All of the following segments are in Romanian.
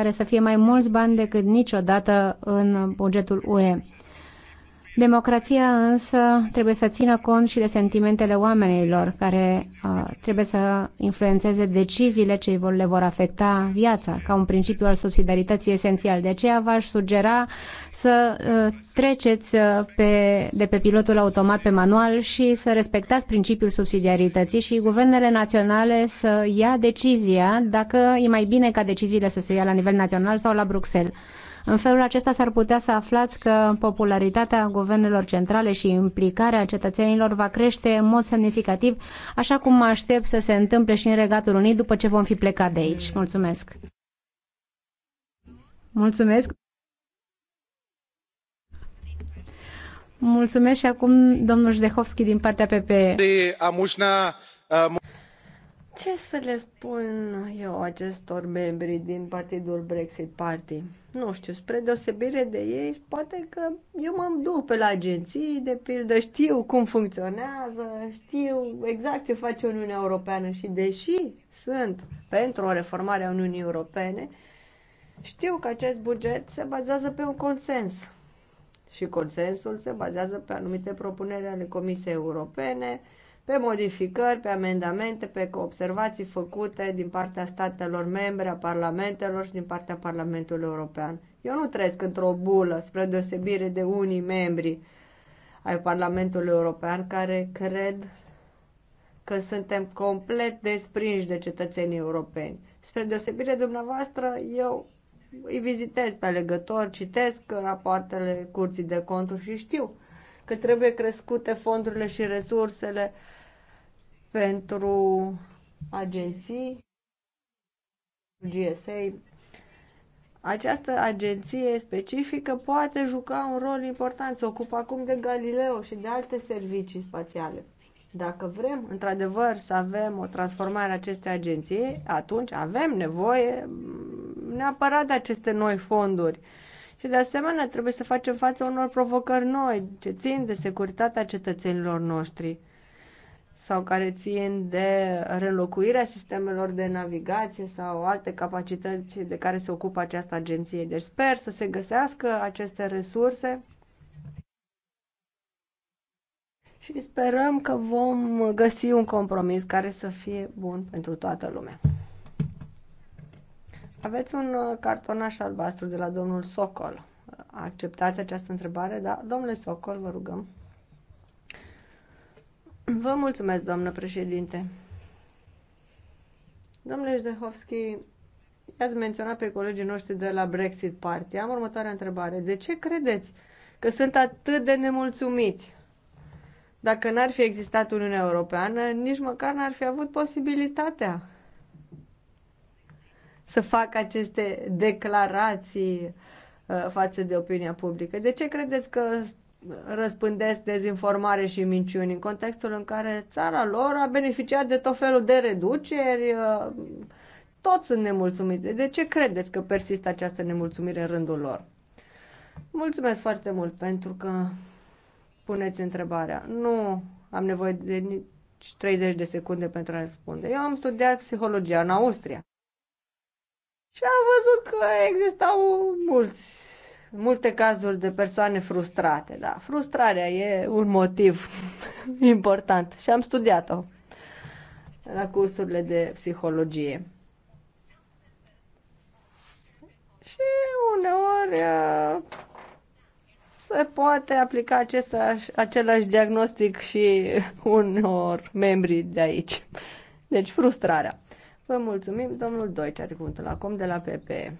care să fie mai mulți bani decât niciodată în bugetul UE. Democrația însă trebuie să țină cont și de sentimentele oamenilor care uh, trebuie să influențeze deciziile ce le vor afecta viața, ca un principiu al subsidiarității esențial. De aceea v-aș sugera să uh, treceți uh, pe, de pe pilotul automat pe manual și să respectați principiul subsidiarității și guvernele naționale să ia decizia dacă e mai bine ca deciziile să se ia la nivel național sau la Bruxelles. În felul acesta s-ar putea să aflați că popularitatea guvernelor centrale și implicarea cetățenilor va crește în mod semnificativ, așa cum mă aștept să se întâmple și în Regatul Unit după ce vom fi plecat de aici. Mulțumesc! Mulțumesc! Mulțumesc și acum domnul Jdehovski din partea PPE. Ce să le spun eu acestor membri din partidul Brexit Party? Nu știu, spre deosebire de ei, poate că eu mă duc pe la agenții, de pildă, știu cum funcționează, știu exact ce face Uniunea Europeană și deși sunt pentru o reformare a Uniunii Europene, știu că acest buget se bazează pe un consens. Și consensul se bazează pe anumite propuneri ale Comisiei Europene, pe modificări, pe amendamente, pe observații făcute din partea statelor membre, a parlamentelor și din partea Parlamentului European. Eu nu trăiesc într-o bulă, spre deosebire de unii membri ai Parlamentului European care cred că suntem complet desprinși de cetățenii europeni. Spre deosebire de dumneavoastră, eu îi vizitez pe alegători, citesc rapoartele curții de conturi și știu că trebuie crescute fondurile și resursele uh, pentru agenții, GSA. Această agenție specifică poate juca un rol important, se ocupă acum de Galileo și de alte servicii spațiale. Dacă vrem, într-adevăr, să avem o transformare a acestei agenții, atunci avem nevoie mm, neapărat de aceste noi fonduri. Și de asemenea trebuie să facem față unor provocări noi ce țin de securitatea cetățenilor noștri sau care țin de relocuirea sistemelor de navigație sau alte capacități de care se ocupă această agenție. Deci sper să se găsească aceste resurse și sperăm că vom găsi un compromis care să fie bun pentru toată lumea. Aveți un uh, cartonaș albastru de la domnul Socol. Acceptați această întrebare? Da? Domnule Socol, vă rugăm. Vă mulțumesc, doamnă președinte. Domnule Zdehovski, i-ați menționat pe colegii noștri de la Brexit Party. Am următoarea întrebare. De ce credeți că sunt atât de nemulțumiți? Dacă n-ar fi existat Uniunea Europeană, nici măcar n-ar fi avut posibilitatea să facă aceste declarații uh, față de opinia publică. De ce credeți că răspândesc dezinformare și minciuni, în contextul în care țara lor a beneficiat de tot felul de reduceri, uh, toți sunt nemulțumiți. De ce credeți că persistă această nemulțumire în rândul lor? Mulțumesc foarte mult pentru că puneți întrebarea. Nu am nevoie de nici 30 de secunde pentru a răspunde. Eu am studiat psihologia în Austria. Și am văzut că existau mulți multe cazuri de persoane frustrate, da. Frustrarea e un motiv important și am studiat-o la cursurile de psihologie. Și uneori uh, se poate aplica acest, același diagnostic și unor membri de aici. Deci frustrarea. Vă mulțumim, domnul Doice, are cuvântul acum de la PPE.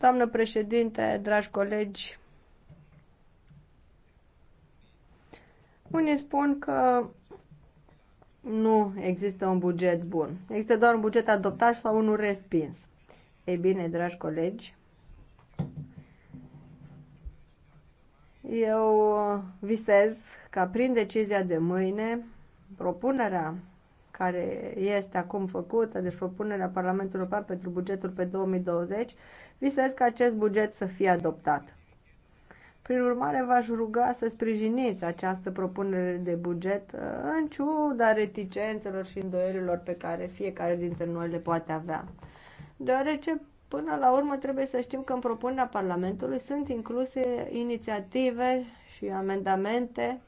Doamnă președinte, dragi colegi, unii spun că nu există un buget bun. Există doar un buget adoptat sau unul respins. Ei bine, dragi colegi, eu visez ca prin decizia de mâine, propunerea care este acum făcută, deci propunerea Parlamentului European pentru bugetul pe 2020, visez ca acest buget să fie adoptat. Prin urmare, v-aș ruga să sprijiniți această propunere de buget uh, în ciuda reticențelor și îndoielilor pe care fiecare dintre noi le poate avea. Deoarece, până la urmă, trebuie să știm că în propunerea Parlamentului sunt incluse inițiative și amendamente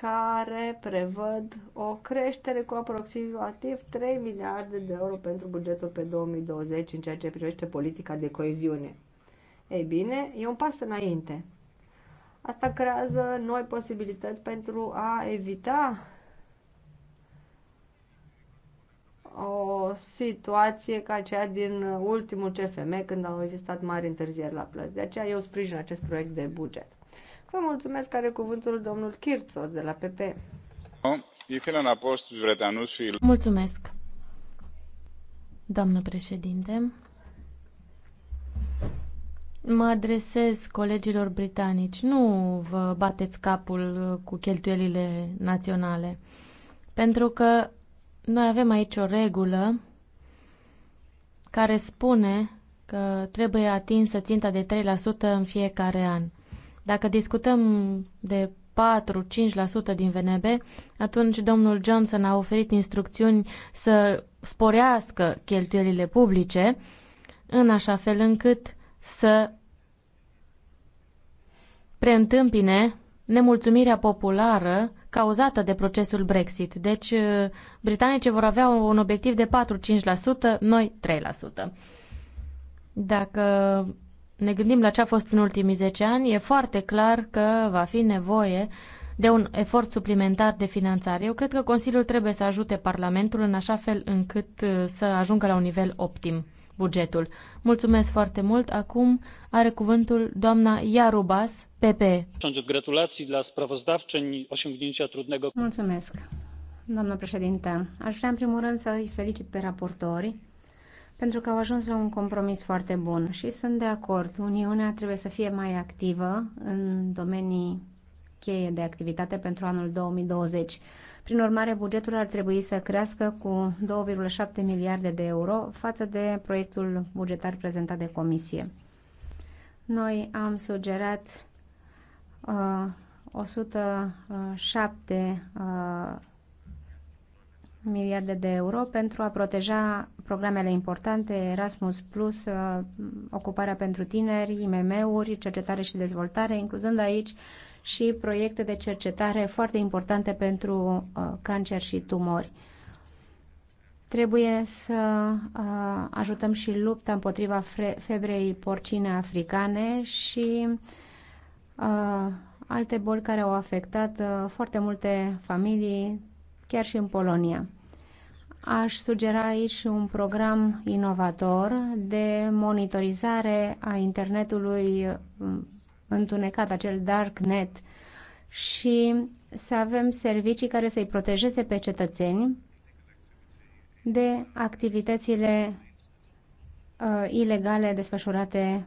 care prevăd o creștere cu aproximativ 3 miliarde de euro pentru bugetul pe 2020 în ceea ce privește politica de coeziune. Ei bine, e un pas înainte. Asta creează noi posibilități pentru a evita o situație ca cea din ultimul CFM, când au existat mari întârzieri la plăți. De aceea eu sprijin acest proiect de buget. Vă mulțumesc, are cuvântul domnul Kirțos de la PP. Mulțumesc, doamnă președinte. Mă adresez colegilor britanici. Nu vă bateți capul cu cheltuielile naționale. Pentru că noi avem aici o regulă care spune că trebuie atinsă ținta de 3% în fiecare an. Dacă discutăm de 4-5% din VNB, atunci domnul Johnson a oferit instrucțiuni să sporească cheltuielile publice în așa fel încât să preîntâmpine nemulțumirea populară cauzată de procesul Brexit. Deci, uh, britanicii vor avea un obiectiv de 4-5%, noi 3%. Dacă ne gândim la ce a fost în ultimii 10 ani, e foarte clar că va fi nevoie de un efort suplimentar de finanțare. Eu cred că Consiliul trebuie să ajute Parlamentul în așa fel încât uh, să ajungă la un nivel optim bugetul. Mulțumesc foarte mult. Acum are cuvântul doamna Iarubas, PP. Gratulații la trudnego. Mulțumesc. Doamnă președintă, aș vrea în primul rând să îi felicit pe raportori pentru că au ajuns la un compromis foarte bun și sunt de acord. Uniunea trebuie să fie mai activă în domenii cheie de activitate pentru anul 2020. Prin urmare, bugetul ar trebui să crească cu 2,7 miliarde de euro față de proiectul bugetar prezentat de comisie. Noi am sugerat uh, 107 uh, miliarde de euro pentru a proteja programele importante Erasmus+, Plus, uh, ocuparea pentru tineri, IMM-uri, cercetare și dezvoltare, incluzând aici și proiecte de cercetare foarte importante pentru uh, cancer și tumori. Trebuie să uh, ajutăm și lupta împotriva febrei porcine africane și alte boli care au afectat foarte multe familii, chiar și în Polonia aș sugera aici un program inovator de monitorizare a internetului mm, întunecat, acel darknet, și să avem servicii care să-i protejeze pe cetățeni de activitățile uh, ilegale desfășurate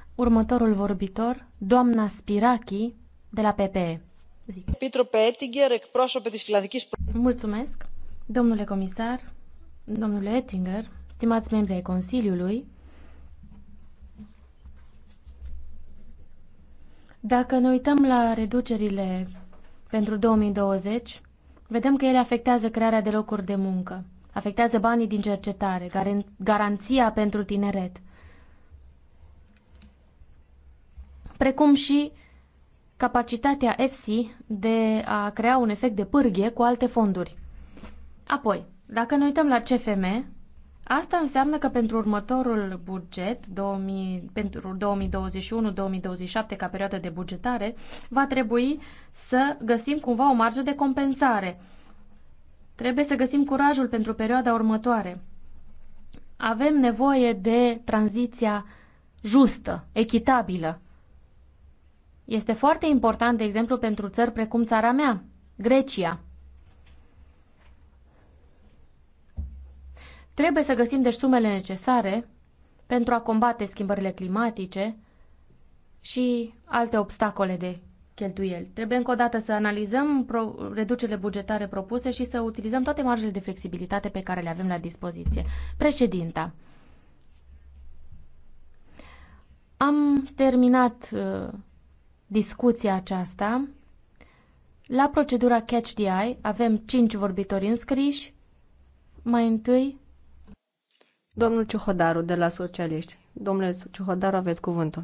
Următorul vorbitor, doamna Spiraki, de la PPE. Zic. Mulțumesc, domnule comisar, domnule Ettinger, stimați membri ai Consiliului. Dacă ne uităm la reducerile pentru 2020, vedem că ele afectează crearea de locuri de muncă, afectează banii din cercetare, garanția pentru tineret – precum și capacitatea EFSI de a crea un efect de pârghie cu alte fonduri. Apoi, dacă ne uităm la CFM, asta înseamnă că pentru următorul buget, 2000, pentru 2021-2027 ca perioadă de bugetare, va trebui să găsim cumva o marjă de compensare. Trebuie să găsim curajul pentru perioada următoare. Avem nevoie de tranziția justă, echitabilă. Este foarte important, de exemplu, pentru țări precum țara mea, Grecia. Trebuie să găsim deci sumele necesare pentru a combate schimbările climatice și alte obstacole de cheltuieli. Trebuie încă o dată să analizăm reducerile bugetare propuse și să utilizăm toate marjele de flexibilitate pe care le avem la dispoziție. Președinta, am terminat uh, discuția aceasta. La procedura Catch the Eye avem cinci vorbitori înscriși. Mai întâi... Domnul Ciuhodaru de la Socialiști. Domnule Ciuhodaru, aveți cuvântul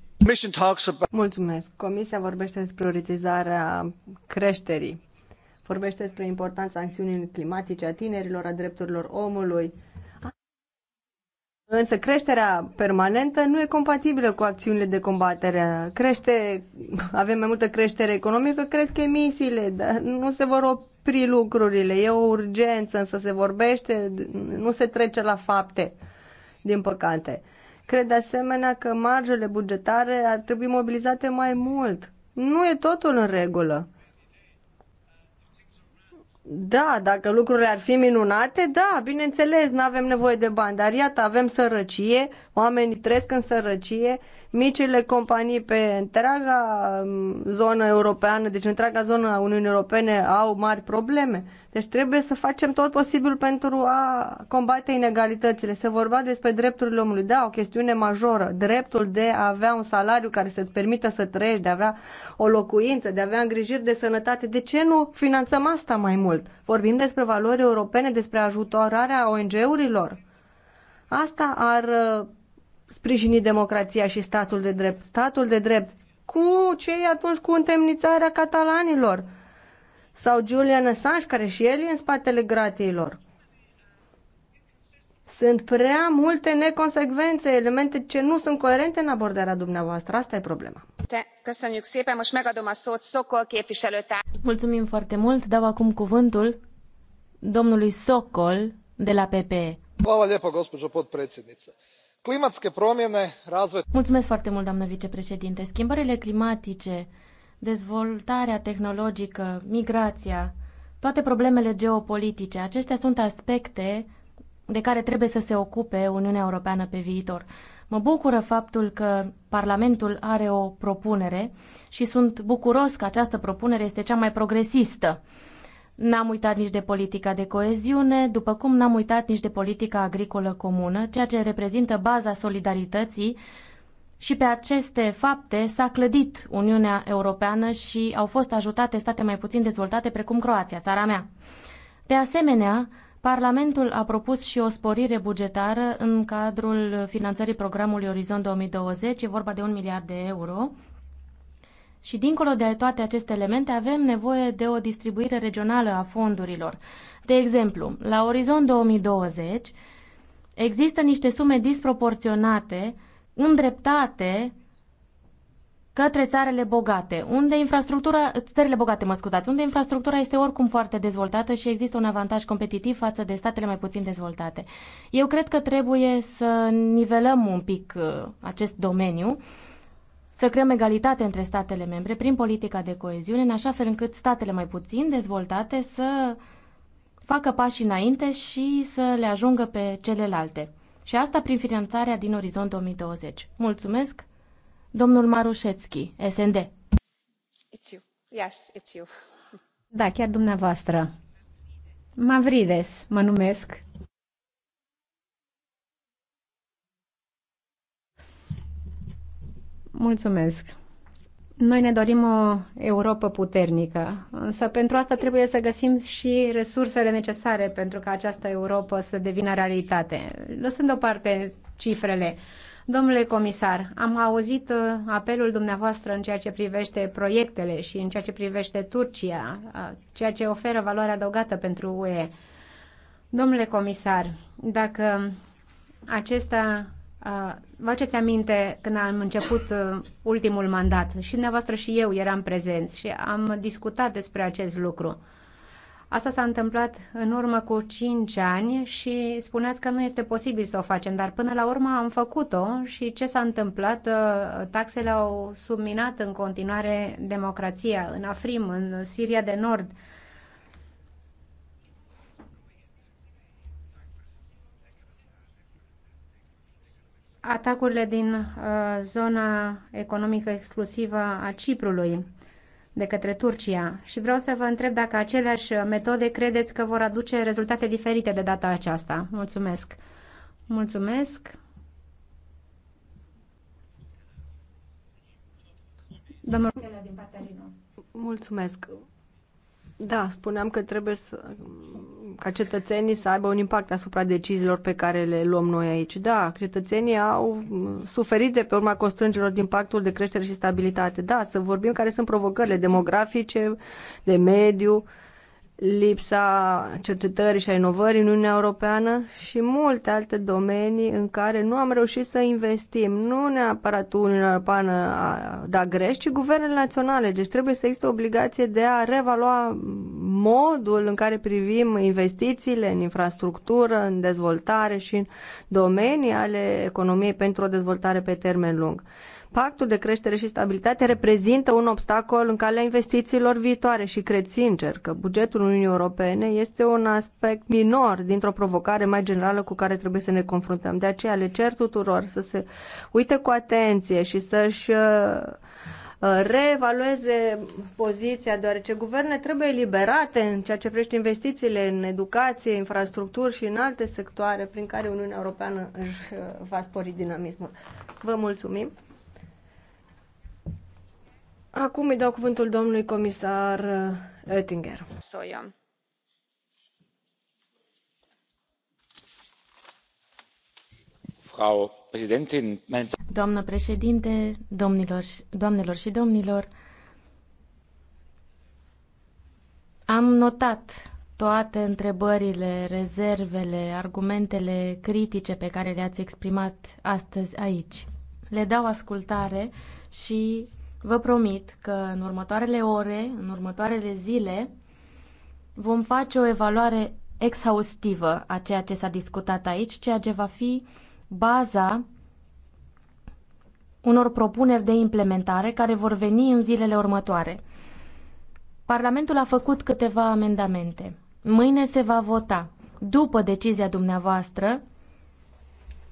Mulțumesc. Comisia vorbește despre prioritizarea creșterii, vorbește despre importanța acțiunii climatice a tinerilor, a drepturilor omului. Însă creșterea permanentă nu e compatibilă cu acțiunile de combatere. Crește, avem mai multă creștere economică, cresc emisiile, dar nu se vor opri lucrurile. E o urgență, însă se vorbește, nu se trece la fapte, din păcate. Cred de asemenea că marjele bugetare ar trebui mobilizate mai mult. Nu e totul în regulă. Da, dacă lucrurile ar fi minunate, da, bineînțeles, nu avem nevoie de bani, dar iată, avem sărăcie, Oamenii trăiesc în sărăcie, micile companii pe întreaga um, zonă europeană, deci întreaga zonă a Uniunii Europene au mari probleme. Deci trebuie să facem tot posibil pentru a combate inegalitățile. Se vorbea despre drepturile omului. Da, o chestiune majoră. Dreptul de a avea un salariu care să-ți permită să trăiești, de a avea o locuință, de a avea îngrijiri de sănătate. De ce nu finanțăm asta mai mult? Vorbim despre valori europene, despre ajutorarea ONG-urilor. Asta ar uh, sprijini democrația și statul de drept. Statul de drept cu cei atunci cu întemnițarea catalanilor sau Julian Assange, care și el e în spatele gratiilor. Sunt prea multe neconsecvențe, elemente ce nu sunt coerente în abordarea dumneavoastră. Asta e problema. Mulțumim foarte mult. Dau acum cuvântul domnului Sokol de la PPE. Hvala lijepo, gospođo potpredsjednice Climatske promjene, razvoj... Mulțumesc foarte mult, doamnă vicepreședinte. Schimbările climatice, dezvoltarea tehnologică, migrația, toate problemele geopolitice, acestea sunt aspecte de care trebuie să se ocupe Uniunea Europeană pe viitor. Mă bucură faptul că Parlamentul are o propunere și sunt bucuros că această propunere este cea mai progresistă. N-am uitat nici de politica de coeziune, după cum n-am uitat nici de politica agricolă comună, ceea ce reprezintă baza solidarității și pe aceste fapte s-a clădit Uniunea Europeană și au fost ajutate state mai puțin dezvoltate, precum Croația, țara mea. De asemenea, Parlamentul a propus și o sporire bugetară în cadrul finanțării programului Orizont 2020, e vorba de un miliard de euro, și dincolo de toate aceste elemente avem nevoie de o distribuire regională a fondurilor. De exemplu, la Orizont 2020 există niște sume disproporționate îndreptate către țările bogate, unde infrastructura, țările bogate, mă scutați, unde infrastructura este oricum foarte dezvoltată și există un avantaj competitiv față de statele mai puțin dezvoltate. Eu cred că trebuie să nivelăm un pic uh, acest domeniu să creăm egalitate între statele membre prin politica de coeziune, în așa fel încât statele mai puțin dezvoltate să facă pași înainte și să le ajungă pe celelalte. Și asta prin finanțarea din Orizont 2020. Mulțumesc, domnul Marușețchi, SND. It's you. Yes, it's you. Da, chiar dumneavoastră. Mavrides, mă numesc. Mulțumesc. Noi ne dorim o Europa puternică, însă pentru asta trebuie să găsim și resursele necesare pentru ca această Europa să devină realitate. Lăsând deoparte cifrele, Domnule comisar, am auzit uh, apelul dumneavoastră în ceea ce privește proiectele și în ceea ce privește Turcia, uh, ceea ce oferă valoare adăugată pentru UE. Domnule comisar, dacă acesta Vă aduceți aminte când am început uh, ultimul mandat și dumneavoastră și eu eram prezenți și am discutat despre acest lucru. Asta s-a întâmplat în urmă cu 5 ani și spuneați că nu este posibil să o facem, dar până la urmă am făcut-o și ce s-a întâmplat? Uh, taxele au subminat în continuare democrația în Afrim, în Siria de Nord, atacurile din uh, zona economică exclusivă a Ciprului de către Turcia și vreau să vă întreb dacă aceleași metode credeți că vor aduce rezultate diferite de data aceasta. Mulțumesc! Mulțumesc! Domnul Mulțumesc! Da, spuneam că trebuie să ca cetățenii să aibă un impact asupra deciziilor pe care le luăm noi aici. Da, cetățenii au mm, suferit de pe urma constrângerilor din pactul de creștere și stabilitate. Da, să vorbim care sunt provocările demografice, de mediu, uh, lipsa cercetării și a inovării în Uniunea Europeană și multe alte domenii în care nu am reușit să investim. Nu neapărat Uniunea Europeană a da greș, ci guvernele naționale. Deci trebuie să existe obligație de a revalua modul în care privim investițiile în infrastructură, în dezvoltare și în domenii ale economiei pentru o dezvoltare pe termen lung. Pactul de creștere și stabilitate reprezintă un obstacol în calea investițiilor viitoare și cred sincer că bugetul Uniunii Europene este un aspect minor dintr-o provocare mai generală cu care trebuie să ne confruntăm. De aceea le cer tuturor să se uite cu atenție și să-și uh, uh, reevalueze poziția, deoarece guverne trebuie eliberate în ceea ce privește investițiile în educație, infrastructuri și în alte sectoare prin care Uniunea Europeană își uh, va spori dinamismul. Vă mulțumim! Acum îi dau cuvântul domnului comisar uh, Oettinger. Soia. Doamnă președinte, domnilor, doamnelor și domnilor, am notat toate întrebările, rezervele, argumentele critice pe care le-ați exprimat astăzi aici. Le dau ascultare și Vă promit că în următoarele ore, în următoarele zile, vom face o evaluare exhaustivă a ceea ce s-a discutat aici, ceea ce va fi baza unor propuneri de implementare care vor veni în zilele următoare. Parlamentul a făcut câteva amendamente. Mâine se va vota. După decizia dumneavoastră,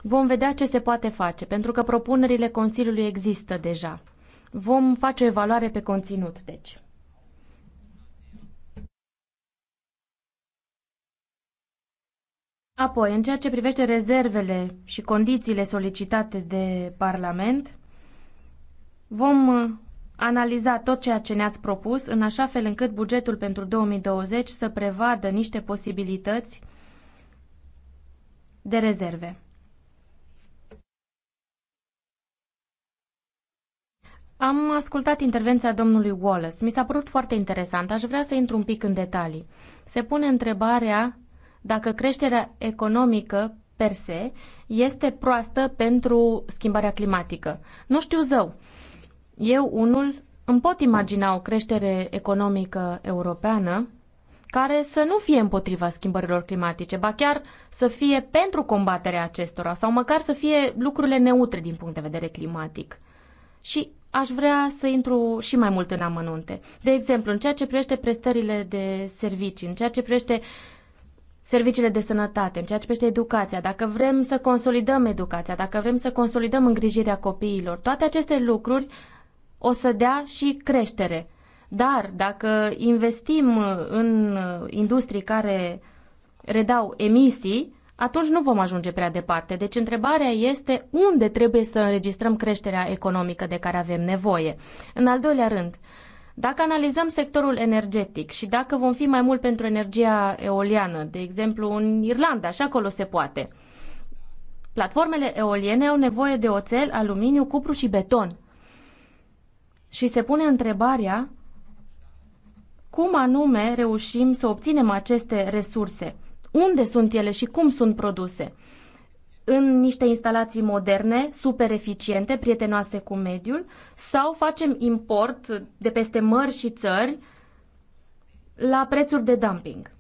vom vedea ce se poate face, pentru că propunerile Consiliului există deja. Vom face o evaluare pe conținut, deci. Apoi, în ceea ce privește rezervele și condițiile solicitate de Parlament, vom uh, analiza tot ceea ce ne-ați propus, în așa fel încât bugetul pentru 2020 să prevadă niște posibilități de rezerve. Am ascultat intervenția domnului Wallace. Mi s-a părut foarte interesant. Aș vrea să intru un pic în detalii. Se pune întrebarea dacă creșterea economică per se este proastă pentru schimbarea climatică. Nu știu zău. Eu, unul, îmi pot imagina o creștere economică europeană care să nu fie împotriva schimbărilor climatice, ba chiar să fie pentru combaterea acestora sau măcar să fie lucrurile neutre din punct de vedere climatic. Și aș vrea să intru și mai mult în amănunte. De exemplu, în ceea ce privește prestările de servicii, în ceea ce privește serviciile de sănătate, în ceea ce privește educația, dacă vrem să consolidăm educația, dacă vrem să consolidăm îngrijirea copiilor, toate aceste lucruri o să dea și creștere. Dar dacă investim în industrii care redau emisii, atunci nu vom ajunge prea departe. Deci întrebarea este unde trebuie să înregistrăm creșterea economică de care avem nevoie. În al doilea rând, dacă analizăm sectorul energetic și dacă vom fi mai mult pentru energia eoliană, de exemplu în Irlanda, așa acolo se poate, platformele eoliene au nevoie de oțel, aluminiu, cupru și beton. Și se pune întrebarea cum anume reușim să obținem aceste resurse unde sunt ele și cum sunt produse. În niște instalații moderne, super eficiente, prietenoase cu mediul, sau facem import de peste mări și țări la prețuri de dumping.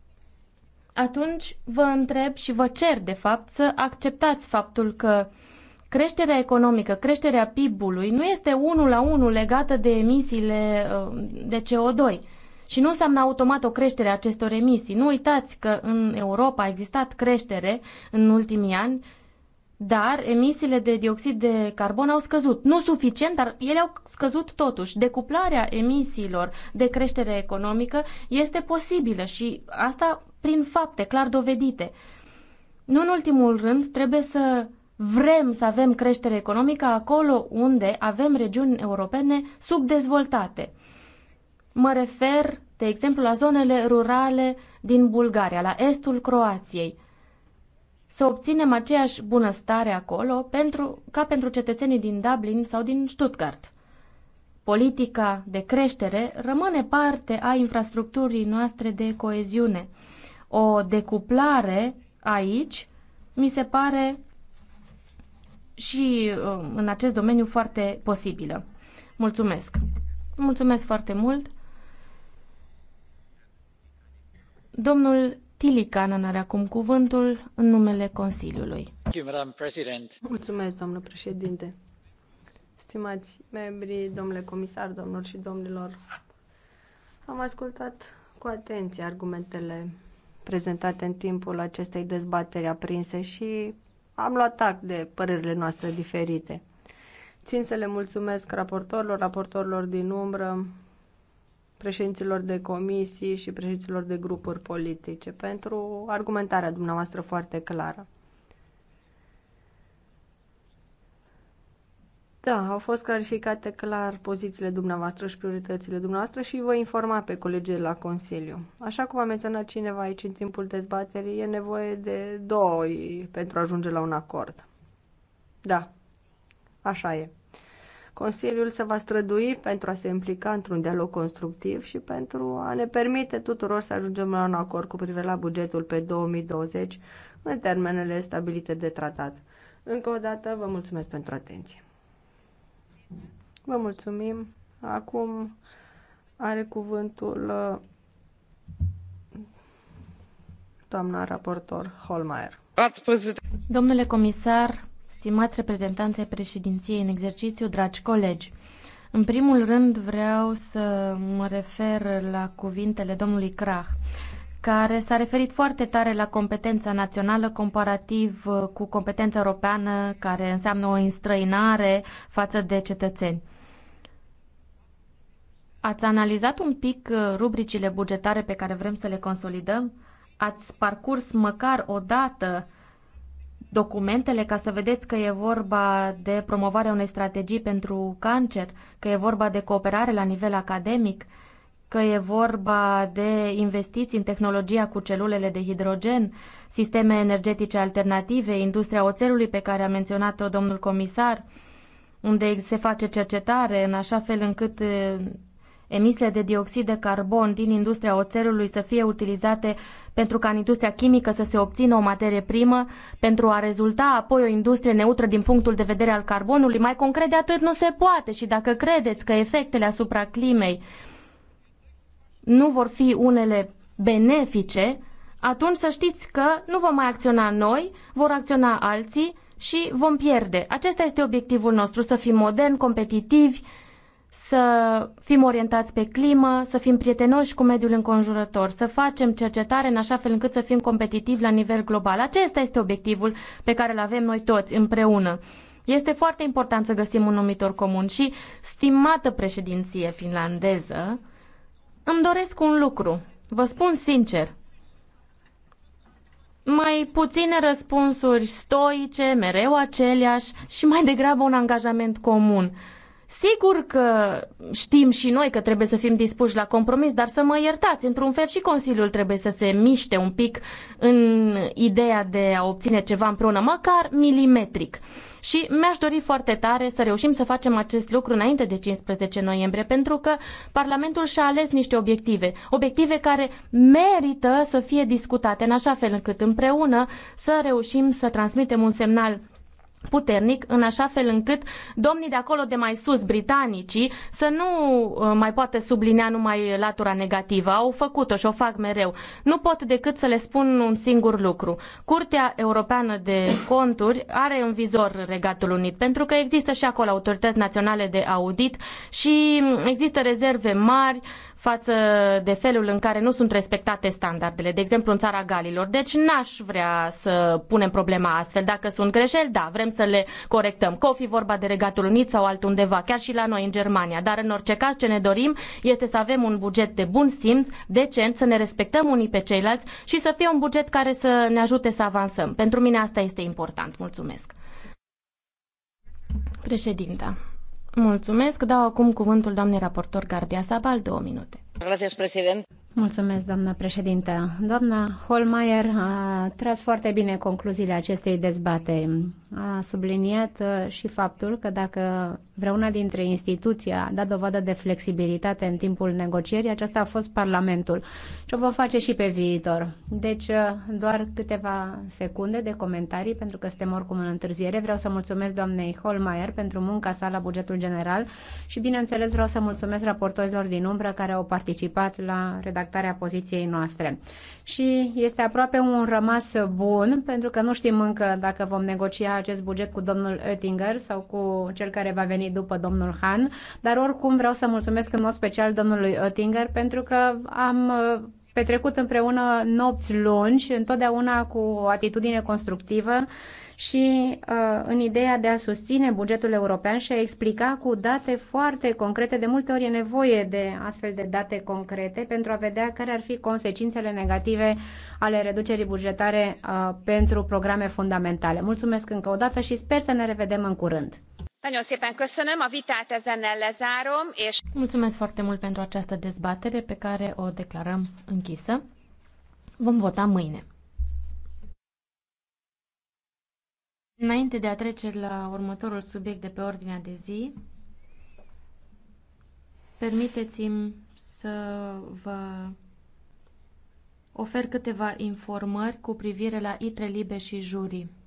Atunci vă întreb și vă cer, de fapt, să acceptați faptul că creșterea economică, creșterea PIB-ului nu este unul la unul legată de emisiile uh, de CO2 și nu înseamnă automat o creștere a acestor emisii. Nu uitați că în Europa a existat creștere în ultimii ani, dar emisiile de dioxid de carbon au scăzut. Nu suficient, dar ele au scăzut totuși. Decuplarea emisiilor de creștere economică este posibilă și asta prin fapte clar dovedite. Nu în ultimul rând, trebuie să vrem să avem creștere economică acolo unde avem regiuni europene subdezvoltate. Mă refer, de exemplu, la zonele rurale din Bulgaria, la estul Croației. Să obținem aceeași bunăstare acolo pentru, ca pentru cetățenii din Dublin sau din Stuttgart. Politica de creștere rămâne parte a infrastructurii noastre de coeziune. O decuplare aici mi se pare și uh, în acest domeniu foarte posibilă. Mulțumesc! Mulțumesc foarte mult! Domnul Tilican are acum cuvântul în numele Consiliului. Mulțumesc, domnule președinte. Stimați membri, domnule comisar, domnilor și domnilor, am ascultat cu atenție argumentele prezentate în timpul acestei dezbateri aprinse și am luat act de părerile noastre diferite. Țin să le mulțumesc raportorilor, raportorilor din umbră, președinților de comisii și președinților de grupuri politice pentru argumentarea dumneavoastră foarte clară. Da, au fost clarificate clar pozițiile dumneavoastră și prioritățile dumneavoastră și vă informa pe colegii la Consiliu. Așa cum a menționat cineva aici în timpul dezbaterii, e nevoie de doi pentru a ajunge la un acord. Da, așa e. Consiliul se va strădui pentru a se implica într-un dialog constructiv și pentru a ne permite tuturor să ajungem la un acord cu privire la bugetul pe 2020 în termenele stabilite de tratat. Încă o dată vă mulțumesc pentru atenție. Vă mulțumim. Acum are cuvântul uh, doamna raportor Holmeier. Domnule comisar, stimați reprezentanți ai președinției în exercițiu, dragi colegi, în primul rând vreau să mă refer la cuvintele domnului Krah, care s-a referit foarte tare la competența națională comparativ uh, cu competența europeană, care înseamnă o înstrăinare față de cetățeni. Ați analizat un pic uh, rubricile bugetare pe care vrem să le consolidăm? Ați parcurs măcar o dată uh, documentele ca să vedeți că e vorba de promovarea unei strategii pentru cancer, că e vorba de cooperare la nivel academic, că e vorba de investiții în tehnologia cu celulele de hidrogen, sisteme energetice alternative, industria oțelului pe care a menționat-o domnul comisar, unde se face cercetare în așa fel încât emisiile de dioxid de carbon din industria oțelului să fie utilizate pentru ca în industria chimică să se obțină o materie primă, pentru a rezulta apoi o industrie neutră din punctul de vedere al carbonului. Mai concret de atât nu se poate și dacă credeți că efectele asupra climei nu vor fi unele benefice, atunci să știți că nu vom mai acționa noi, vor acționa alții și vom pierde. Acesta este obiectivul nostru, să fim moderni, competitivi, să fim orientați pe climă, să fim prietenoși cu mediul înconjurător, să facem cercetare în așa fel încât să fim competitivi la nivel global. Acesta este obiectivul pe care îl avem noi toți împreună. Este foarte important să găsim un numitor comun și, stimată președinție finlandeză, îmi doresc un lucru. Vă spun sincer, mai puține răspunsuri stoice, mereu aceleași și mai degrabă un angajament comun. Sigur că știm și noi că trebuie să fim dispuși la compromis, dar să mă iertați, într-un fel și Consiliul trebuie să se miște un pic în ideea de a obține ceva împreună, măcar milimetric. Și mi-aș dori foarte tare să reușim să facem acest lucru înainte de 15 noiembrie, pentru că Parlamentul și-a ales niște obiective, obiective care merită să fie discutate în așa fel încât împreună să reușim să transmitem un semnal puternic, în așa fel încât domnii de acolo de mai sus, britanicii, să nu uh, mai poată sublinea numai latura negativă. Au făcut-o și o fac mereu. Nu pot decât să le spun un singur lucru. Curtea Europeană de Conturi are în vizor Regatul Unit, pentru că există și acolo autorități naționale de audit și există rezerve mari față de felul în care nu sunt respectate standardele, de exemplu în țara Galilor. Deci n-aș vrea să punem problema astfel. Dacă sunt greșeli, da, vrem să le corectăm. Că o fi vorba de Regatul Unit sau altundeva, chiar și la noi în Germania. Dar în orice caz ce ne dorim este să avem un buget de bun simț, decent, să ne respectăm unii pe ceilalți și să fie un buget care să ne ajute să avansăm. Pentru mine asta este important. Mulțumesc. Președinta. Mulțumesc. Dau acum cuvântul doamnei raportor Gardia Sabal, două minute. Mulțumesc, doamna președintă. Doamna Holmeier a tras foarte bine concluziile acestei dezbateri. A subliniat uh, și faptul că dacă Vreuna dintre instituții a dat dovadă de flexibilitate în timpul negocierii, aceasta a fost Parlamentul și o vom face și pe viitor. Deci, uh, doar câteva secunde de comentarii, pentru că suntem oricum în întârziere. Vreau să mulțumesc doamnei Holmeier pentru munca sa la bugetul general și, bineînțeles, vreau să mulțumesc raportorilor din umbră care au participat la redactarea poziției noastre. Și este aproape un rămas bun, pentru că nu știm încă dacă vom negocia acest buget cu domnul Oettinger sau cu cel care va veni Comisiei după domnul Han, dar oricum vreau să mulțumesc în mod special domnului Oettinger pentru că am uh, petrecut împreună nopți lungi, întotdeauna cu o atitudine constructivă și uh, în ideea de a susține bugetul european și a explica cu date foarte concrete, de multe ori e nevoie de astfel de date concrete pentru a vedea care ar fi consecințele negative ale reducerii bugetare uh, pentru programe fundamentale. Mulțumesc încă o dată și sper să ne revedem în curând. Mulțumesc foarte mult pentru această dezbatere pe care o declarăm închisă. Vom vota mâine. Înainte de a trece la următorul subiect de pe ordinea de zi, permiteți-mi să vă ofer câteva informări cu privire la ITRE Libe și Jurii.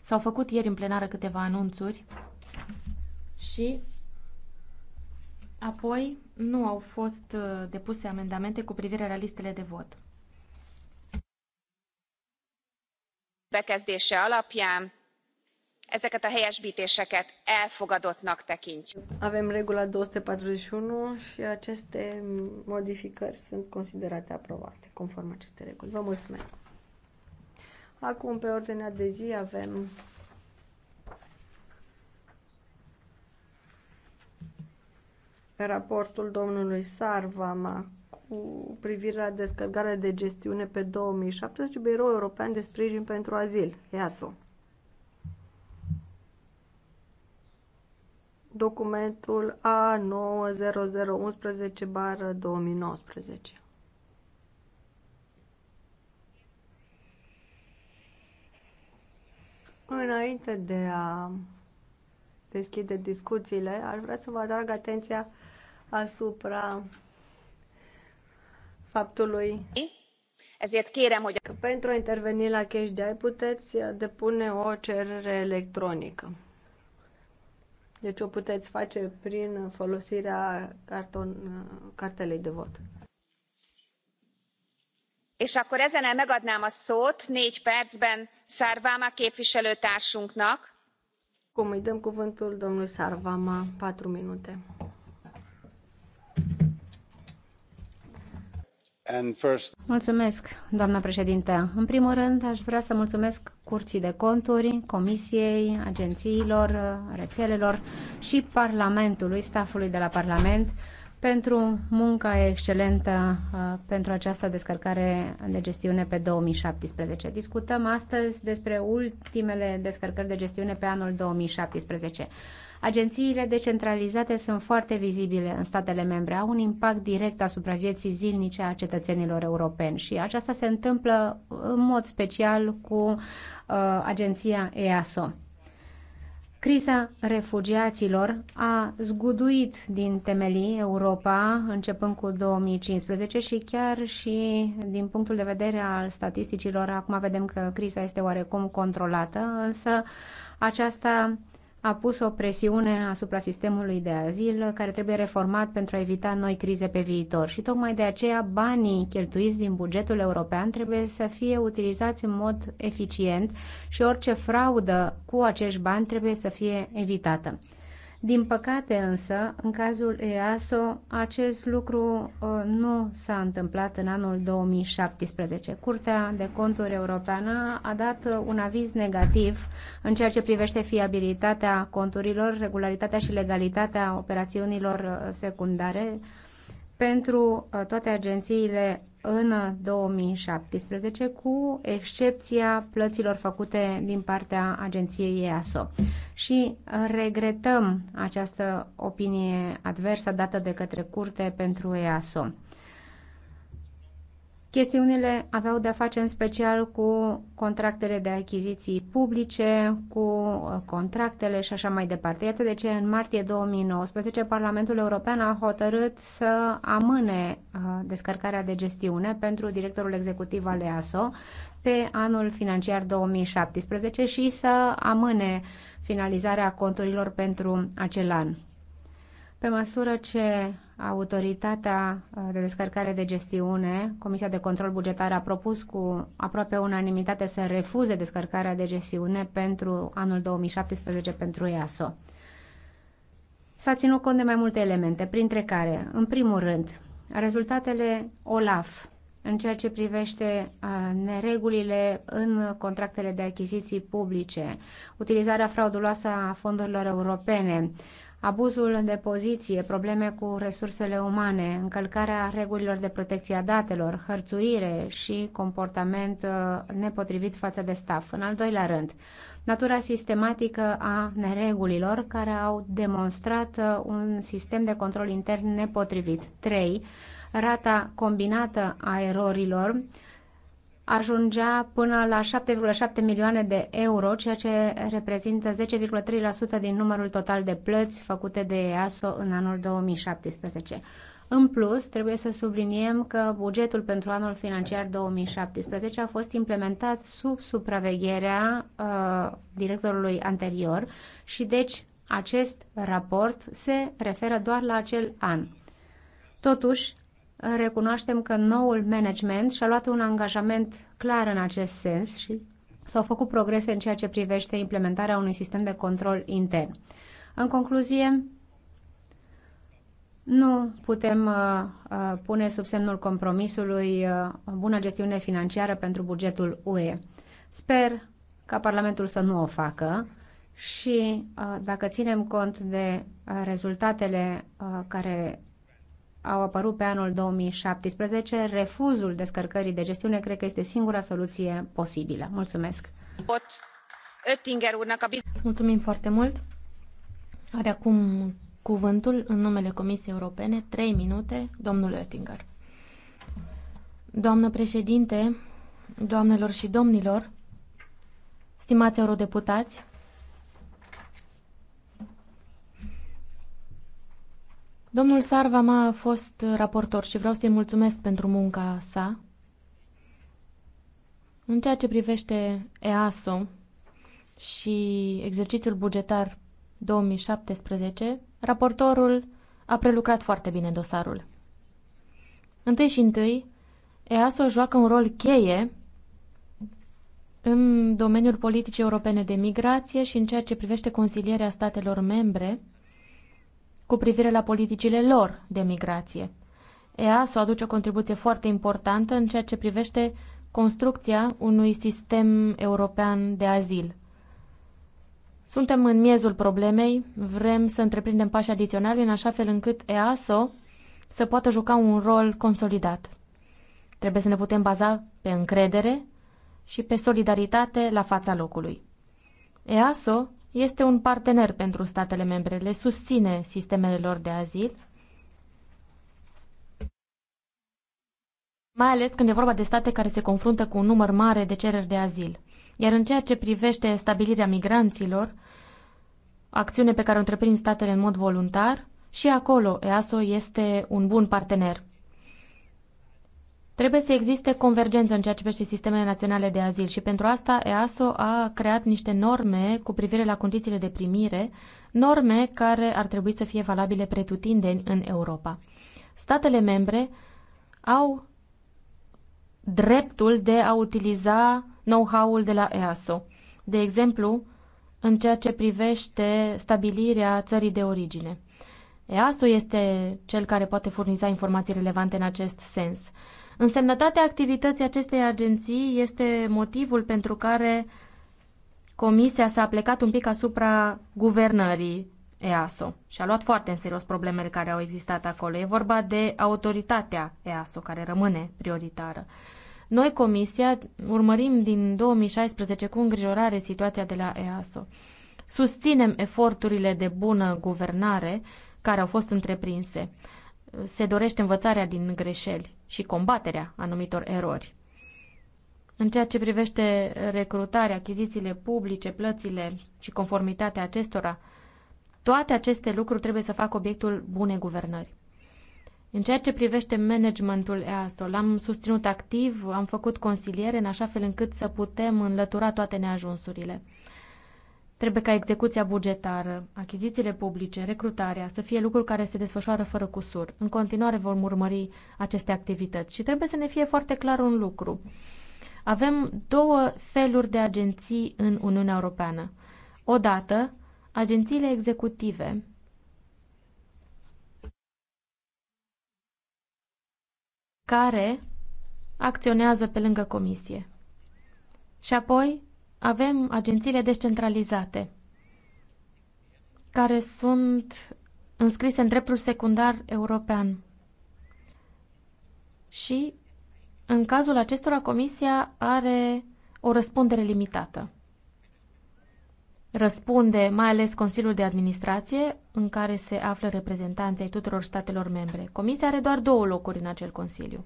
S-au făcut ieri în plenară câteva anunțuri și apoi nu au fost uh, depuse amendamente cu privire la listele de vot. bekezdése alapján ezeket a helyesbítéseket elfogadottnak tekintjük. Avem regula 241 și aceste modificări sunt considerate aprobate conform acestei reguli. Vă mulțumesc. Acum, pe ordinea de zi, avem raportul domnului Sarvama cu privire la descărcarea de gestiune pe 2017, Biroul European de Sprijin pentru Azil, EASO. Documentul A90011 2019. Înainte de a deschide discuțiile, aș vrea să vă atrag atenția asupra faptului că pentru a interveni la Cash DI puteți depune o cerere electronică. Deci o puteți face prin folosirea carton, cartelei de vot és akkor ezennel megadnám a szót négy percben sarvamaa képviselőtársunknak. Cum minute. Mulțumesc, doamna președintă. În primul rând, aș vrea să mulțumesc Curții de Conturi, Comisiei, agențiilor, rețelelor și Parlamentului, staffului de la Parlament, pentru munca excelentă uh, pentru această descărcare de gestiune pe 2017. Discutăm astăzi despre ultimele descărcări de gestiune pe anul 2017. Agențiile decentralizate sunt foarte vizibile în statele membre, au un impact direct asupra vieții zilnice a cetățenilor europeni și aceasta se întâmplă în mod special cu uh, agenția EASO. Criza refugiaților a zguduit din temelii Europa începând cu 2015 și chiar și din punctul de vedere al statisticilor, acum vedem că criza este oarecum controlată, însă aceasta a pus o presiune asupra sistemului de azil care trebuie reformat pentru a evita noi crize pe viitor. Și tocmai de aceea banii cheltuiți din bugetul european trebuie să fie utilizați în mod eficient și orice fraudă cu acești bani trebuie să fie evitată. Din păcate însă, în cazul EASO, acest lucru uh, nu s-a întâmplat în anul 2017. Curtea de Conturi Europeană a dat uh, un aviz negativ în ceea ce privește fiabilitatea conturilor, regularitatea și legalitatea operațiunilor uh, secundare pentru toate agențiile în 2017, cu excepția plăților făcute din partea agenției EASO. Și regretăm această opinie adversă dată de către curte pentru EASO. Chestiunile aveau de-a face în special cu contractele de achiziții publice, cu uh, contractele și așa mai departe. Iată de ce în martie 2019 Parlamentul European a hotărât să amâne uh, descărcarea de gestiune pentru directorul executiv al EASO pe anul financiar 2017 și să amâne finalizarea conturilor pentru acel an. Pe măsură ce autoritatea uh, de descărcare de gestiune, Comisia de Control Bugetar, a propus cu aproape unanimitate să refuze descărcarea de gestiune pentru anul 2017 pentru EASO. S-a ținut cont de mai multe elemente, printre care, în primul rând, rezultatele OLAF în ceea ce privește uh, neregulile în contractele de achiziții publice, utilizarea frauduloasă a fondurilor europene, abuzul de poziție, probleme cu resursele umane, încălcarea regulilor de protecție a datelor, hărțuire și comportament uh, nepotrivit față de staff. În al doilea rând, natura sistematică a neregulilor care au demonstrat uh, un sistem de control intern nepotrivit. 3. Rata combinată a erorilor, ajungea până la 7,7 milioane de euro, ceea ce reprezintă 10,3% din numărul total de plăți făcute de EASO în anul 2017. În plus, trebuie să subliniem că bugetul pentru anul financiar 2017 a fost implementat sub supravegherea uh, directorului anterior și deci acest raport se referă doar la acel an. Totuși, recunoaștem că noul management și-a luat un angajament clar în acest sens și s-au făcut progrese în ceea ce privește implementarea unui sistem de control intern. În concluzie, nu putem uh, uh pune sub semnul compromisului uh, o bună gestiune financiară pentru bugetul UE. Sper ca Parlamentul să nu o facă și uh, dacă ținem cont de uh, rezultatele uh, care au apărut pe anul 2017, refuzul descărcării de gestiune cred că este singura soluție posibilă. Mulțumesc! Mulțumim foarte mult! Are acum cuvântul în numele Comisiei Europene, 3 minute, domnul Oettinger. Doamnă președinte, doamnelor și domnilor, stimați eurodeputați, Domnul Sarvama a fost raportor și vreau să-i mulțumesc pentru munca sa. În ceea ce privește EASO și exercițiul bugetar 2017, raportorul a prelucrat foarte bine dosarul. Întâi și întâi, EASO joacă un rol cheie în domeniul politicii europene de migrație și în ceea ce privește consilierea statelor membre cu privire la politicile lor de migrație. EASO aduce o contribuție foarte importantă în ceea ce privește construcția unui sistem european de azil. Suntem în miezul problemei, vrem să întreprindem pași adiționali în așa fel încât EASO să poată juca un rol consolidat. Trebuie să ne putem baza pe încredere și pe solidaritate la fața locului. EASO este un partener pentru statele membre, le susține sistemele lor de azil, mai ales când e vorba de state care se confruntă cu un număr mare de cereri de azil. Iar în ceea ce privește stabilirea migranților, acțiune pe care o întreprind statele în mod voluntar, și acolo EASO este un bun partener. Trebuie să existe convergență în ceea ce privește sistemele naționale de azil și pentru asta EASO a creat niște norme cu privire la condițiile de primire, norme care ar trebui să fie valabile pretutindeni în Europa. Statele membre au dreptul de a utiliza know-how-ul de la EASO. De exemplu, în ceea ce privește stabilirea țării de origine. EASO este cel care poate furniza informații relevante în acest sens. Însemnătatea activității acestei agenții este motivul pentru care Comisia s-a plecat un pic asupra guvernării EASO și a luat foarte în serios problemele care au existat acolo. E vorba de autoritatea EASO, care rămâne prioritară. Noi, Comisia, urmărim din 2016 cu îngrijorare situația de la EASO. Susținem eforturile de bună guvernare care au fost întreprinse se dorește învățarea din greșeli și combaterea anumitor erori. În ceea ce privește recrutarea, achizițiile publice, plățile și conformitatea acestora, toate aceste lucruri trebuie să facă obiectul bunei guvernări. În ceea ce privește managementul EASO, l-am susținut activ, am făcut consiliere în așa fel încât să putem înlătura toate neajunsurile. Trebuie ca execuția bugetară, achizițiile publice, recrutarea să fie lucruri care se desfășoară fără cusur. În continuare vom urmări aceste activități și trebuie să ne fie foarte clar un lucru. Avem două feluri de agenții în Uniunea Europeană. Odată, agențiile executive, care acționează pe lângă comisie. Și apoi, avem agențiile descentralizate, care sunt înscrise în dreptul secundar european. Și, în cazul acestora, Comisia are o răspundere limitată. Răspunde mai ales Consiliul de Administrație, în care se află reprezentanții tuturor statelor membre. Comisia are doar două locuri în acel Consiliu.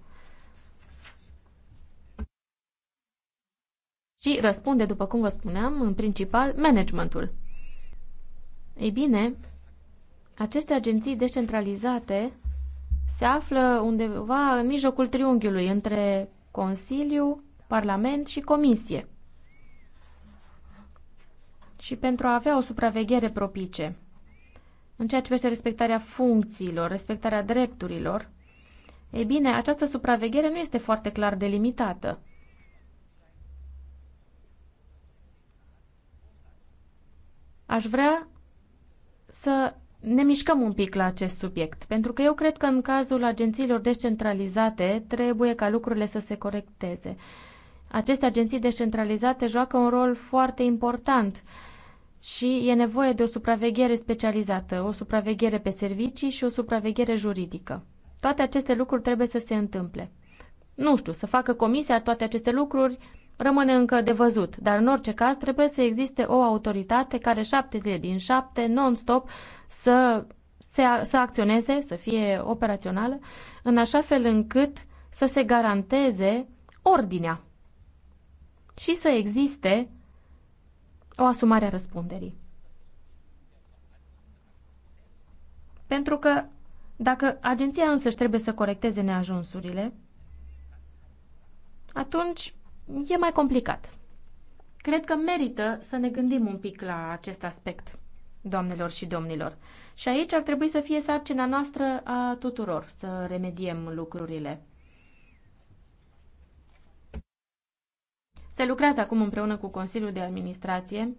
și răspunde, după cum vă spuneam, în principal managementul. Ei bine, aceste agenții descentralizate se află undeva în mijlocul triunghiului între Consiliu, Parlament și Comisie. Și pentru a avea o supraveghere propice în ceea ce privește respectarea funcțiilor, respectarea drepturilor, ei bine, această supraveghere nu este foarte clar delimitată. Aș vrea să ne mișcăm un pic la acest subiect, pentru că eu cred că în cazul agențiilor descentralizate trebuie ca lucrurile să se corecteze. Aceste agenții descentralizate joacă un rol foarte important și e nevoie de o supraveghere specializată, o supraveghere pe servicii și o supraveghere juridică. Toate aceste lucruri trebuie să se întâmple. Nu știu, să facă comisia toate aceste lucruri, rămâne încă de văzut, dar în orice caz trebuie să existe o autoritate care șapte zile din șapte, non-stop, să, se, să acționeze, să fie operațională, în așa fel încât să se garanteze ordinea și să existe o asumare a răspunderii. Pentru că dacă agenția însăși trebuie să corecteze neajunsurile, atunci e mai complicat. Cred că merită să ne gândim un pic la acest aspect, doamnelor și domnilor. Și aici ar trebui să fie sarcina noastră a tuturor să remediem lucrurile. Se lucrează acum împreună cu Consiliul de Administrație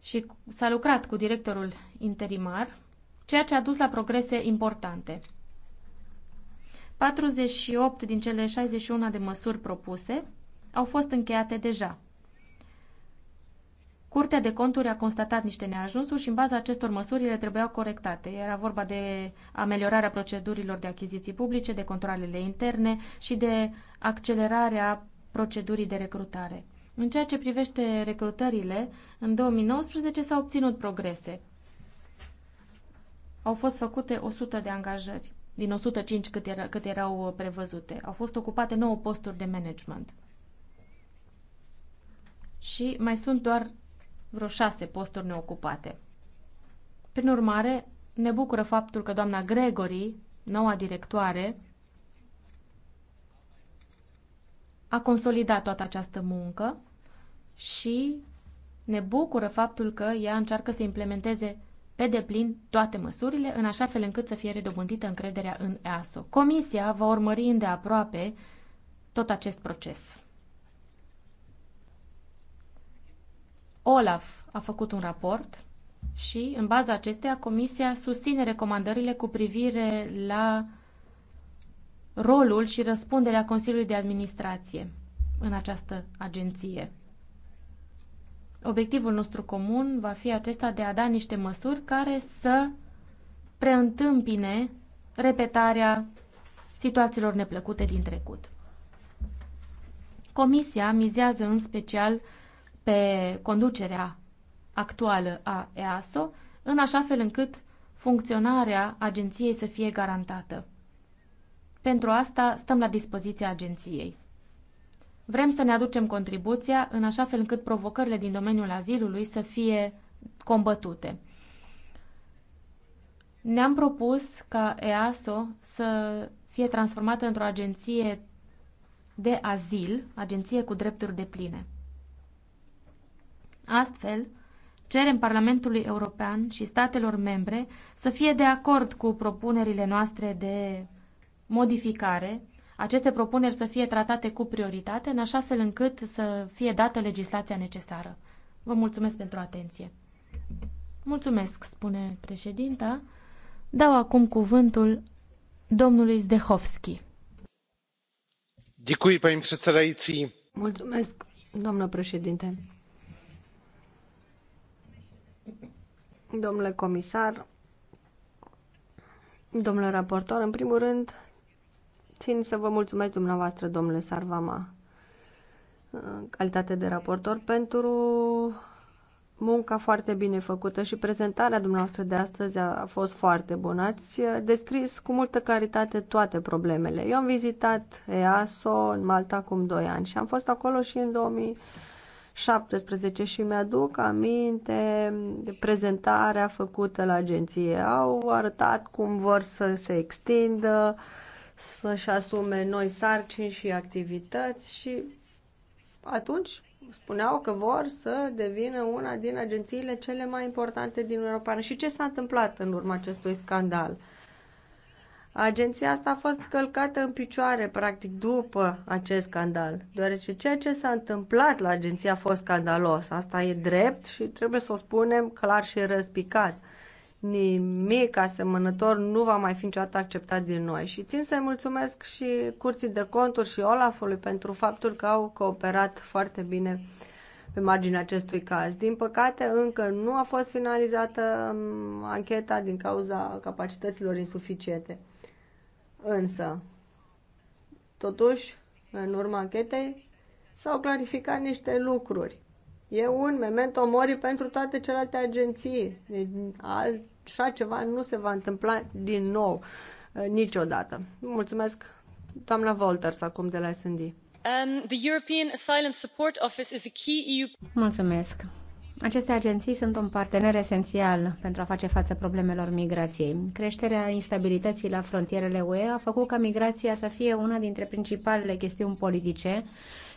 și s-a lucrat cu directorul interimar, ceea ce a dus la progrese importante. 48 din cele 61 de măsuri propuse au fost încheiate deja. Curtea de conturi a constatat niște neajunsuri și în baza acestor măsuri ele trebuiau corectate. Era vorba de ameliorarea procedurilor de achiziții publice, de controlele interne și de accelerarea procedurii de recrutare. În ceea ce privește recrutările, în 2019 s-au obținut progrese. Au fost făcute 100 de angajări din 105 cât, era, cât erau uh, prevăzute. Au fost ocupate 9 posturi de management. Și mai sunt doar vreo 6 posturi neocupate. Prin urmare, ne bucură faptul că doamna Gregory, noua directoare, a consolidat toată această muncă și ne bucură faptul că ea încearcă să implementeze pe deplin toate măsurile, în așa fel încât să fie redobândită încrederea în EASO. Comisia va urmări îndeaproape tot acest proces. Olaf a făcut un raport și, în baza acesteia, Comisia susține recomandările cu privire la rolul și răspunderea Consiliului de Administrație în această agenție. Obiectivul nostru comun va fi acesta de a da niște măsuri care să preîntâmpine repetarea situațiilor neplăcute din trecut. Comisia mizează în special pe conducerea actuală a EASO, în așa fel încât funcționarea agenției să fie garantată. Pentru asta stăm la dispoziția agenției. Vrem să ne aducem contribuția în așa fel încât provocările din domeniul azilului să fie combătute. Ne-am propus ca EASO să fie transformată într-o agenție de azil, agenție cu drepturi de pline. Astfel, cerem Parlamentului European și statelor membre să fie de acord cu propunerile noastre de modificare aceste propuneri să fie tratate cu prioritate, în așa fel încât să fie dată legislația necesară. Vă mulțumesc pentru atenție. Mulțumesc, spune președinta. Dau acum cuvântul domnului Zdehovski. Dicui pe předsedající. Mulțumesc, domnule președinte. Domnule comisar, domnule raportor, în primul rând, țin să vă mulțumesc dumneavoastră, domnule Sarvama, în calitate de raportor, pentru munca foarte bine făcută și prezentarea dumneavoastră de astăzi a fost foarte bună. Ați descris cu multă claritate toate problemele. Eu am vizitat EASO în Malta acum 2 ani și am fost acolo și în 2017 și mi-aduc aminte de prezentarea făcută la agenție. Au arătat cum vor să se extindă uh, să-și asume noi sarcini și activități și atunci spuneau că vor să devină una din agențiile cele mai importante din Europa Și ce s-a întâmplat în urma acestui scandal? Agenția asta a fost călcată în picioare, practic, după acest scandal, deoarece ceea ce s-a întâmplat la agenția a fost scandalos. Asta e drept și trebuie să o spunem clar și răspicat nimic asemănător nu va mai fi niciodată acceptat din noi. Și țin să-i mulțumesc și Curții de Conturi și Olafului pentru faptul că au cooperat foarte bine pe marginea acestui caz. Din păcate, încă nu a fost finalizată um, ancheta din cauza capacităților insuficiente. Însă, totuși, în urma anchetei, s-au clarificat niște lucruri. E un memento mori pentru toate celelalte agenții. Alt, așa ceva nu se va întâmpla din nou uh, niciodată. Mulțumesc, doamna Volters, acum de la S&D. Um, the European Asylum Support Office is a key EU... Mulțumesc. Aceste agenții sunt un partener esențial pentru a face față problemelor migrației. Creșterea instabilității la frontierele UE a făcut ca migrația să fie una dintre principalele chestiuni politice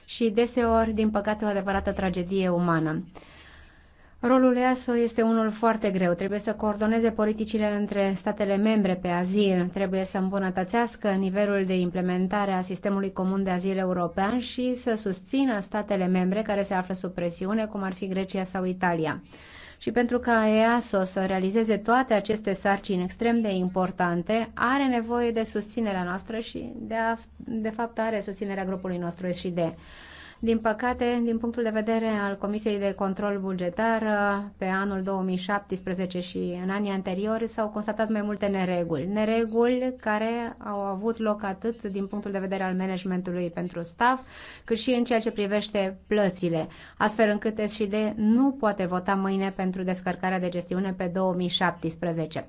și deseori, din păcate, o adevărată tragedie umană. Rolul EASO este unul foarte greu. Trebuie să coordoneze politicile între statele membre pe azil, trebuie să îmbunătățească nivelul de implementare a sistemului comun de azil european și să susțină statele membre care se află sub presiune, cum ar fi Grecia sau Italia. Și pentru ca EASO să realizeze toate aceste sarcini extrem de importante, are nevoie de susținerea noastră și, de, a, de fapt, are susținerea grupului nostru SID. Din păcate, din punctul de vedere al Comisiei de Control Bugetar, pe anul 2017 și în anii anteriori s-au constatat mai multe nereguli. Nereguli care au avut loc atât din punctul de vedere al managementului pentru staff, cât și în ceea ce privește plățile, astfel încât SCD nu poate vota mâine pentru descărcarea de gestiune pe 2017.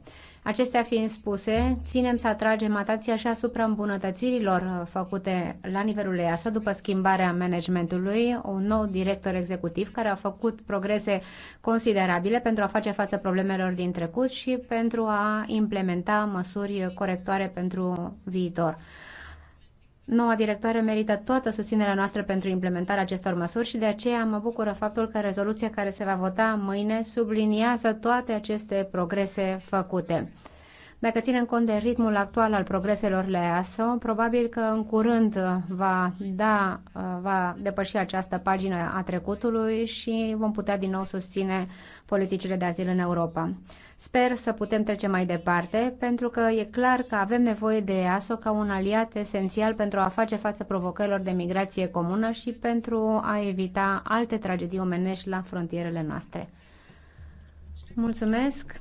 Acestea fiind spuse, ținem să atragem atenția și asupra îmbunătățirilor uh, făcute la nivelul EASA după schimbarea managementului, un nou director executiv care a făcut progrese considerabile pentru a face față problemelor din trecut și pentru a implementa măsuri corectoare pentru viitor. Noua directoare merită toată susținerea noastră pentru implementarea acestor măsuri și de aceea mă bucură faptul că rezoluția care se va vota mâine subliniază toate aceste progrese făcute. Dacă ținem cont de ritmul actual al progreselor la EASO, probabil că în curând va, da, va depăși această pagină a trecutului și vom putea din nou susține politicile de azil în Europa. Sper să putem trece mai departe, pentru că e clar că avem nevoie de EASO ca un aliat esențial pentru a face față provocărilor de migrație comună și pentru a evita alte tragedii omenești la frontierele noastre. Mulțumesc!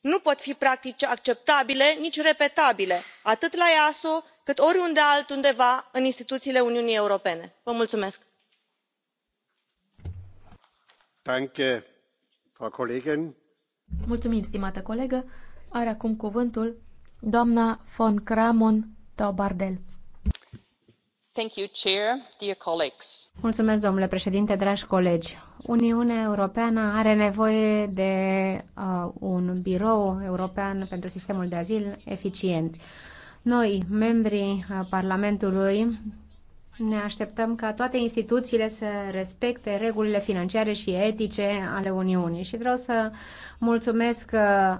nu pot fi practici acceptabile nici repetabile atât la easo cât oriunde altundeva în instituțiile uniunii europene. vă mulțumesc. mulțumim stimată colegă. are acum cuvântul doamna von kramon taubardell. Mulțumesc, domnule președinte dragi colegi Uniunea Europeană are nevoie de uh, un birou european pentru sistemul de azil eficient. Noi, membrii uh, Parlamentului, ne așteptăm ca toate instituțiile să respecte regulile financiare și etice ale Uniunii și vreau să mulțumesc uh,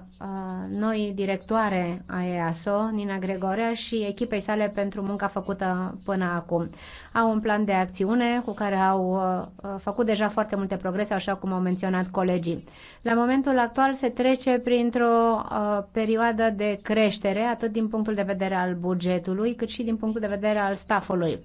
noi directoare a EASO, Nina Gregorea și echipei sale pentru munca făcută până acum. Au un plan de acțiune cu care au uh, făcut deja foarte multe progrese, așa cum au menționat colegii. La momentul actual se trece printr-o uh, perioadă de creștere, atât din punctul de vedere al bugetului, cât și din punctul de vedere al staffului.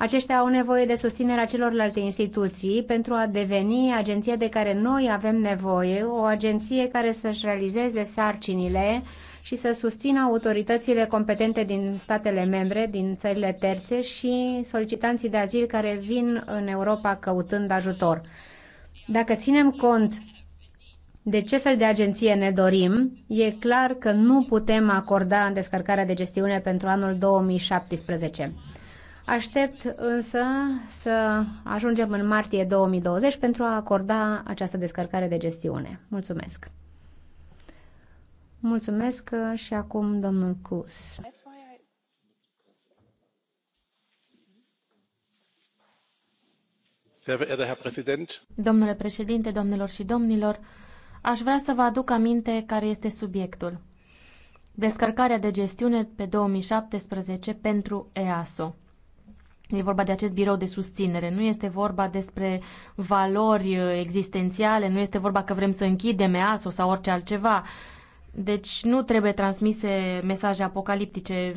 Aceștia au nevoie de susținerea celorlalte instituții pentru a deveni agenția de care noi avem nevoie, o agenție care să-și realizeze sarcinile și să susțină autoritățile competente din statele membre, din țările terțe și solicitanții de azil care vin în Europa căutând ajutor. Dacă ținem cont de ce fel de agenție ne dorim, e clar că nu putem acorda în descărcarea de gestiune pentru anul 2017. Aștept însă să ajungem în martie 2020 pentru a acorda această descărcare de gestiune. Mulțumesc! Mulțumesc și acum domnul Cus. Domnule președinte, domnilor și domnilor, aș vrea să vă aduc aminte care este subiectul. Descărcarea de gestiune pe 2017 pentru EASO. E vorba de acest birou de susținere, nu este vorba despre valori uh, existențiale, nu este vorba că vrem să închidem EASO sau orice altceva. Deci nu trebuie transmise mesaje apocaliptice.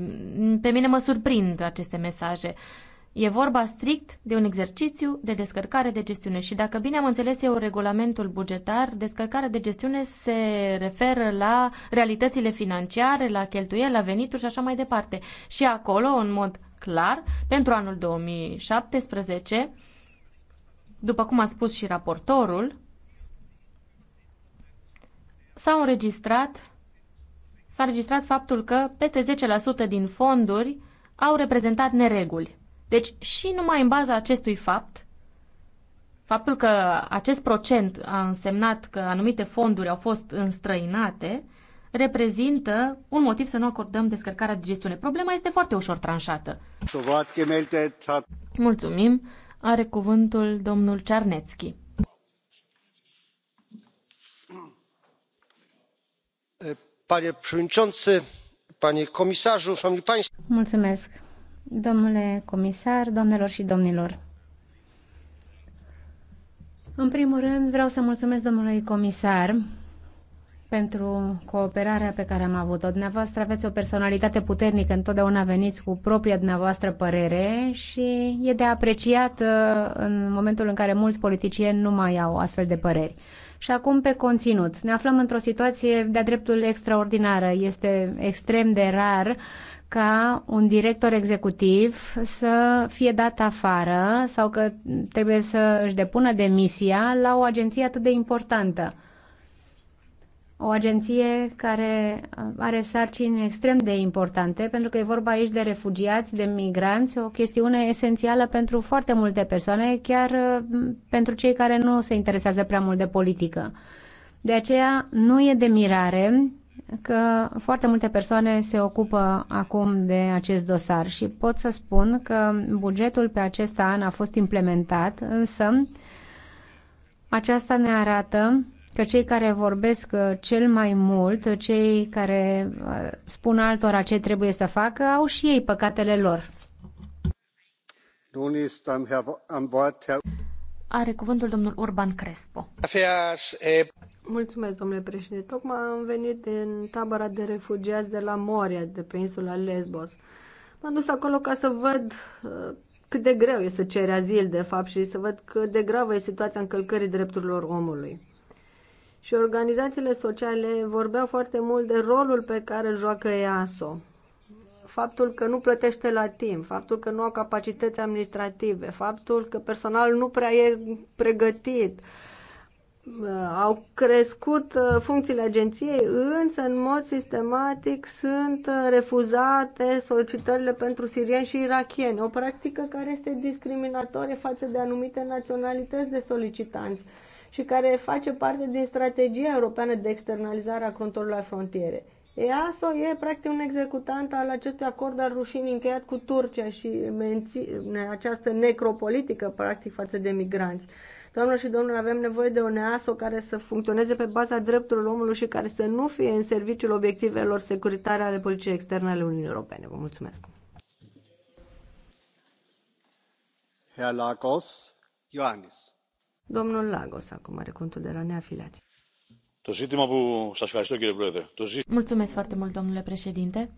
Pe mine mă surprind aceste mesaje. E vorba strict de un exercițiu de descărcare de gestiune și dacă bine am înțeles eu regulamentul bugetar, descărcarea de gestiune se referă la realitățile financiare, la cheltuieli, la venituri și așa mai departe. Și acolo, în mod clar pentru anul 2017. După cum a spus și raportorul, s-au înregistrat s-a înregistrat faptul că peste 10% din fonduri au reprezentat nereguli. Deci și numai în baza acestui fapt, faptul că acest procent a însemnat că anumite fonduri au fost înstrăinate, reprezintă un motiv să nu acordăm descărcarea de gestiune. Problema este foarte ușor tranșată. Mulțumim. Are cuvântul domnul Cernețchi. Panie președinte, panie comisarul, șoamni pani... Mulțumesc. Domnule comisar, domnilor și domnilor. În primul rând, vreau să mulțumesc domnului comisar pentru cooperarea pe care am avut-o. Dumneavoastră aveți o personalitate puternică, întotdeauna veniți cu propria dumneavoastră părere și e de apreciat uh, în momentul în care mulți politicieni nu mai au astfel de păreri. Și acum pe conținut. Ne aflăm într-o situație de-a dreptul extraordinară. Este extrem de rar ca un director executiv să fie dat afară sau că trebuie să își depună demisia la o agenție atât de importantă o agenție care uh, are sarcini extrem de importante, pentru că e vorba aici de refugiați, de migranți, o chestiune esențială pentru foarte multe persoane, chiar uh, pentru cei care nu se interesează prea mult de politică. De aceea nu e de mirare că foarte multe persoane se ocupă acum de acest dosar și pot să spun că bugetul pe acest an a fost implementat, însă aceasta ne arată că cei care vorbesc uh, cel mai mult, uh, cei care uh, spun altora ce trebuie să facă, au și ei păcatele lor. Are cuvântul domnul Urban Crespo. Eh. Mulțumesc, domnule președinte. Tocmai am venit din tabăra de refugiați de la Moria, de pe insula Lesbos. M-am dus acolo ca să văd cât de greu e să cere azil, de fapt, și să văd cât de gravă e situația încălcării drepturilor omului și organizațiile sociale vorbeau foarte mult de rolul pe care îl joacă EASO. Faptul că nu plătește la timp, faptul că nu au capacități administrative, faptul că personalul nu prea e pregătit, uh, au crescut uh, funcțiile agenției, însă în mod sistematic sunt uh, refuzate solicitările pentru sirieni și irachieni, o practică care este discriminatorie față de anumite naționalități de solicitanți și care face parte din strategia europeană de externalizare a controlului la frontiere. EASO e practic un executant al acestui acord al rușinii încheiat cu Turcia și menține această necropolitică practic față de migranți. Doamnă și domnule, avem nevoie de un EASO care să funcționeze pe baza drepturilor omului și care să nu fie în serviciul obiectivelor securitare ale politicii externe ale Uniunii Europene. Vă mulțumesc. Herr Lagos, Ioannis. Domnul Lagos acum are contul de la neafiliați. Mulțumesc foarte mult, domnule președinte.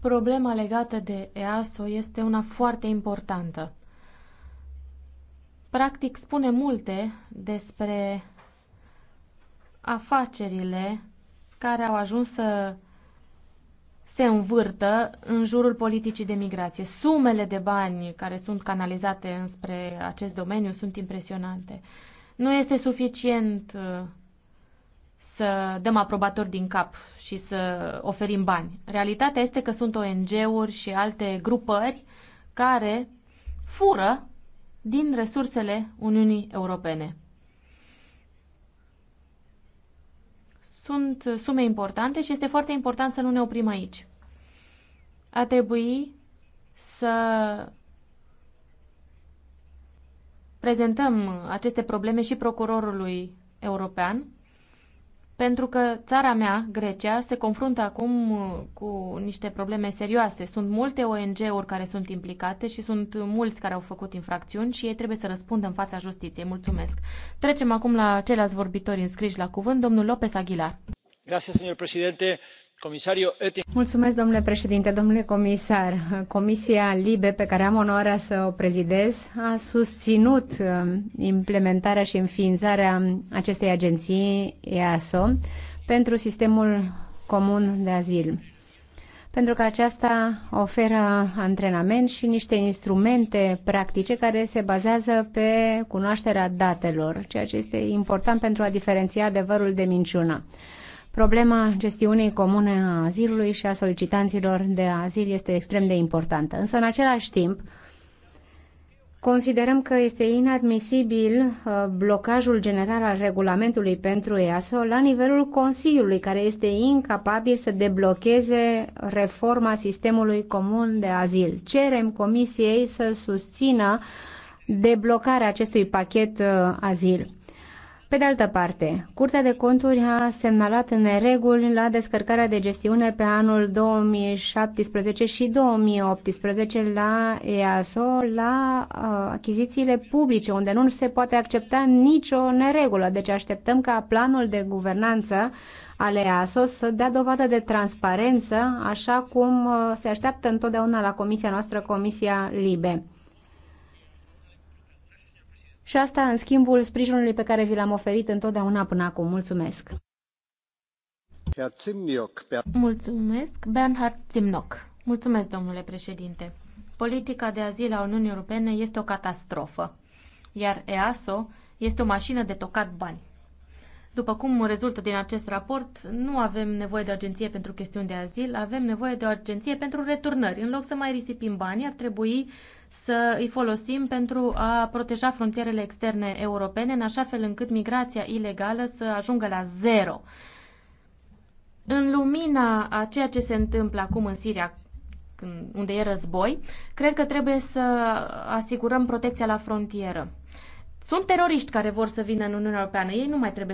Problema legată de EASO este una foarte importantă. Practic spune multe despre afacerile care au ajuns să se învârtă în jurul politicii de migrație. Sumele de bani care sunt canalizate înspre acest domeniu sunt impresionante. Nu este suficient uh, să dăm aprobatori din cap și să oferim bani. Realitatea este că sunt ONG-uri și alte grupări care fură din resursele Uniunii Europene. sunt sume importante și este foarte important să nu ne oprim aici. Ar trebui să prezentăm aceste probleme și procurorului european pentru că țara mea, Grecia, se confruntă acum uh, cu niște probleme serioase. Sunt multe ONG-uri care sunt implicate și sunt mulți care au făcut infracțiuni și ei trebuie să răspundă în fața justiției. Mulțumesc. Trecem acum la ceilalți vorbitori înscriși la cuvânt. Domnul López Aguilar. Gracias, señor presidente. Mulțumesc, domnule președinte, domnule comisar. Comisia LIBE, pe care am onoarea să o prezidez, a susținut um, implementarea și înființarea acestei agenții EASO pentru sistemul comun de azil pentru că aceasta oferă antrenament și niște instrumente practice care se bazează pe cunoașterea datelor, ceea ce este important pentru a diferenția adevărul de minciună. Problema gestiunii comune a azilului și a solicitanților de azil este extrem de importantă. Însă, în același timp, Considerăm că este inadmisibil uh, blocajul general al regulamentului pentru EASO la nivelul Consiliului, care este incapabil să deblocheze reforma sistemului comun de azil. Cerem Comisiei să susțină deblocarea acestui pachet uh, azil. Pe de altă parte, Curtea de Conturi a semnalat nereguli la descărcarea de gestiune pe anul 2017 și 2018 la EASO, la uh, achizițiile publice, unde nu se poate accepta nicio neregulă. Deci așteptăm ca planul de guvernanță al EASO să dea dovadă de transparență, așa cum uh, se așteaptă întotdeauna la comisia noastră, Comisia Libe și asta în schimbul sprijinului pe care vi l-am oferit întotdeauna până acum. Mulțumesc! Mulțumesc, Bernhard Zimnock. Mulțumesc, domnule președinte. Politica de azil a Uniunii Europene este o catastrofă, iar EASO este o mașină de tocat bani. După cum rezultă din acest raport, nu avem nevoie de o agenție pentru chestiuni de azil, avem nevoie de o agenție pentru returnări. În loc să mai risipim bani, ar trebui să îi folosim pentru a proteja frontierele externe europene, în așa fel încât migrația ilegală să ajungă la zero. În lumina a ceea ce se întâmplă acum în Siria, unde e război, cred că trebuie să asigurăm protecția la frontieră. Sunt teroriști care vor să vină în Uniunea Europeană. Ei nu mai trebuie să